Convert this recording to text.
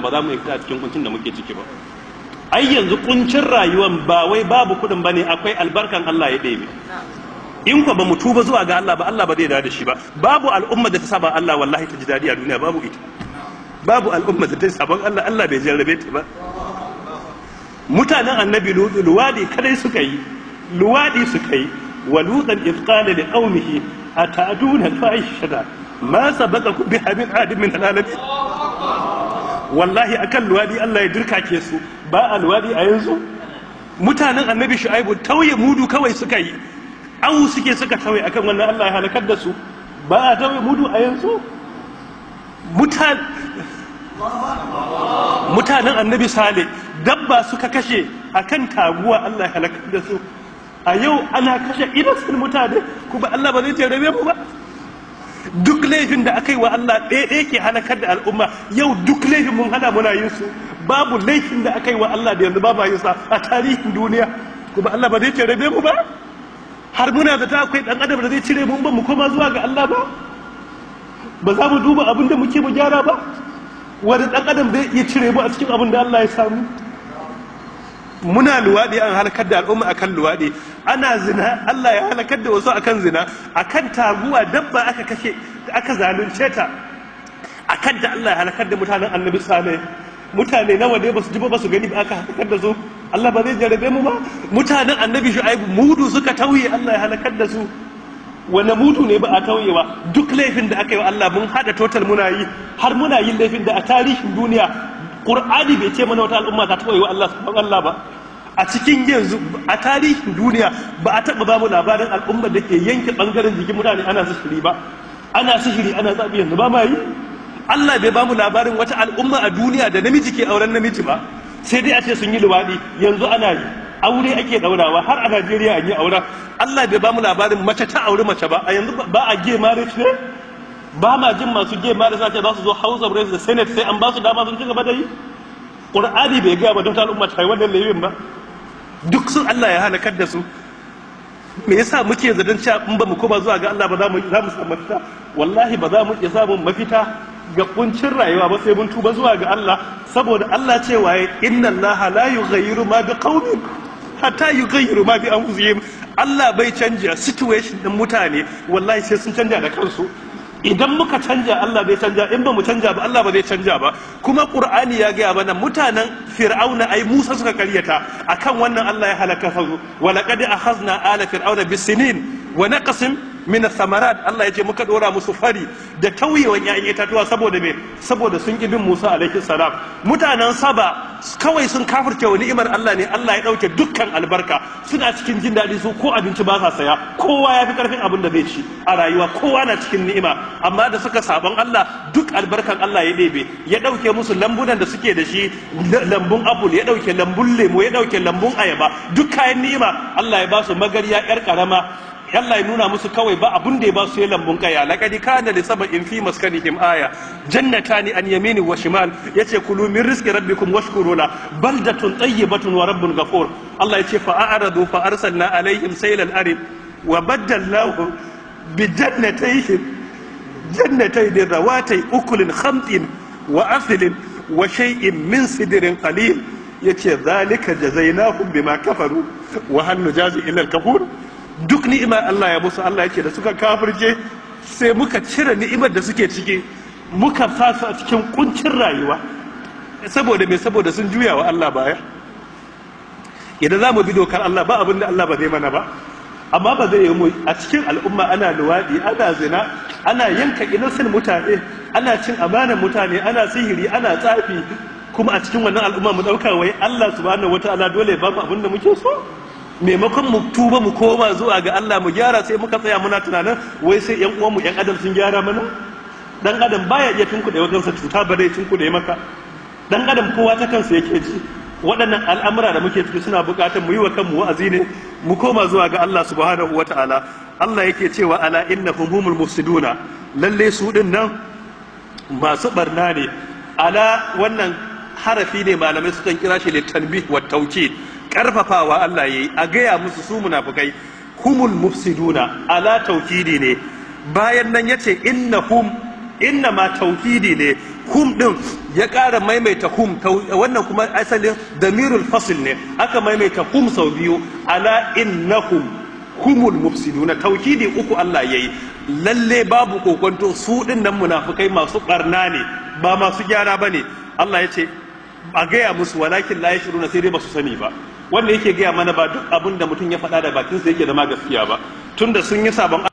ba za mu fita a cikin kuncin da muke ciki ba ai yanzu kuncin rayuwan ba wai babu kuɗin bane akwai albarkan Allah ya ɗebe in ko ba mu tuba zuwa ga Allah ba Allah ba zai dawo da shi ba babu al'umma da ta saba Allah wallahi ta ji dadi a duniya babu ita babu al'umma da ta saba Allah Allah bai jarrabe ta ba mutanen annabi luwadi kadai suka yi luwadi suka yi walutan ifqala li qaumihi ataduna fa'ishada ma sabaqakum bi habin adim min alamin wallahi kan luwadi Allah ya dirkake su ba a luwadi a yanzu mutanen annabi shu'aibu tauye mudu kawai suka yi awu suke suka tauye akan wannan Allah ya halakar da su ba a tauye mudu a yanzu mutanen annabi sale dabba suka kashe akan taguwa Allah ya halakar da su a yau ana kashe sun mutane kuma Allah ba zai tare mu ba duk laifin da aka yi wa Allah ɗaya ke halakar da al'umma yau duk laifin mun hana muna yin su babu laifin da aka yi wa Allah da yanzu babu yin a tarihin duniya kuma Allah ba zai cire mu ba har muna zata akwai dan adam da zai cire mu ba mu koma zuwa ga Allah ba ba za mu duba abin da muke mu gyara ba wani dan adam zai iya cire mu a cikin abin da Allah ya samu muna luwaɗi an halakar da al'umma akan luwaɗi ana zina Allah ya halakar da wasu akan zina akan taguwa dabba aka kashe aka zalunce ta akan ta Allah ya halakar da mutanen annabi sale mutane nawa ne basu ji ba su gani ba aka halakar da su Allah ba zai jarabe mu ba mutanen annabi shu'aibu mudu suka tauye Allah ya halakar da su wani mutu ne ba a tauyewa duk laifin da aka yi wa Allah mun hada total muna yi har muna yin laifin da a tarihin duniya ƙur'ani bai ce mana wata al'umma ta taɓa wa Allah su Allah ba a cikin yanzu a tarihin duniya ba a taɓa babu labarin al'ummar da ke yanke ɓangaren jikin mutane ana sihiri ba ana sihiri ana zaɓi yanzu ba ma yi Allah bai bamu labarin wata al'umma a duniya da namiji ke auren namiji ba sai dai a ce sun yi luwaɗi yanzu ana yi aure ake ɗaurawa har a Najeriya an yi aura Allah bai bamu labarin mace ta auri mace ba a yanzu ba a gay marriage ne ba ma jin masu game ma da sa ce za su zo house of reps da senate sai an ba su dama sun ci gaba da yi ƙur'ani bai gaya ba don ta al'umma ta wannan laifin ba duk sun allah ya halakar da su me yasa muke zadan cewa in ba mu koma zuwa ga allah ba za mu samu mafita wallahi ba za mu iya samun mafita ga kuncin rayuwa ba sai mun tuba zuwa ga allah saboda allah ce waye inna Allah la yughayyiru ma bi qaumin hatta yughayyiru ma bi anfusihim allah bai canja situation din mutane wallahi sai sun canja da kansu idan muka canja Allah bai canja in ba mu canja ba Allah ba zai canja ba kuma Qur'ani ya gaya mana mutanen Fir'auna ai Musa suka karyata akan wannan Allah ya halaka su wa laqad akhadna ala fir'auna bisinin wa naqasim min samarat Allah ya ce muka dora musu fari da tauyewan ƴaƴan itatuwa saboda me saboda sun ki bin Musa alaihi salam mutanen Saba kawai sun kafirce wa ni'imar Allah ne Allah ya dauke dukkan albarka suna cikin jin daɗi su ko abinci ba sa saya kowa ya fi karfin abin da zai ci a rayuwa kowa na cikin ni'ima amma da suka saban Allah duk albarkan Allah ya ɗebe ya dauke musu lambunan da suke da shi lambun apple ya dauke lambun lemo ya dauke lambun ayaba duk kayan ni'ima Allah ya ba su magariya yar karama Yalla ya nuna musu kawai ba abun da ya ba su ya lambun kaya laqad kana saba in fi him aya jannatani an yamini wa shimal yace kulu min rizqi rabbikum washkuru la baldatun tayyibatun wa rabbun ghafur Allah yace fa a'radu fa arsalna alaihim saylan arid wa badallahu bi jannatayhim jannatayn rawatay ukulin khamtin wa aslin wa shay'in min sidrin qalil yace zalika jazainahum bima kafaru wa hal nujazi illa al-kafur duk ni'ima Allah ya musu Allah yake da suka kafirce sai muka cire ni'imar da suke ciki muka sa su a cikin kuncin rayuwa saboda me saboda sun juya wa Allah baya idan za mu bi dokar Allah ba abin da Allah ba zai mana ba amma ba zai yi mu a cikin al'umma ana luwaɗi ana zina ana yanka inasin mutane ana cin amanar mutane ana sihiri ana tsafi kuma a cikin wannan al'umma mu ɗauka wai Allah subhanahu wataala dole ba mu abin da muke so maimakon mu tuba mu koma zuwa ga Allah mu gyara sai muka tsaya muna tunanin wai sai yan mu yan adam sun gyara mana dan adam baya iya tunkuɗe sa cuta ba dai tunkuɗe maka dan adam kowa ta kansa yake ji waɗannan al'amura da muke ciki suna buƙatar mu yi wa kanmu wa'azi ne mu koma zuwa ga Allah subhanahu wa ta'ala Allah yake cewa ala innahum humul mufsiduna lalle su din nan masu barna ne ala wannan harafi ne malamai sukan kira shi litanbih wa tawkid karfafawa Allah ya yi a gaya musu su munafukai humul mufsiduna ala tauhidi ne bayan nan yace ce inna ma tauhidi ne hum din ya ƙara maimaita hum wannan kuma asalin damirul fasil ne aka maimaita hum sau biyu ala hum humul mufsiduna tauhidi uku Allah ya yi lalle babu kokonto su din nan munafukai masu barna ne ba masu gyara bane Allah ya ce a gaya musu walakin la yashuruna sai dai ba su sani ba wanda yake gaya mana ba duk abin da mutum ya faɗa da bakinsa yake zama gaskiya ba tunda sun yi sabon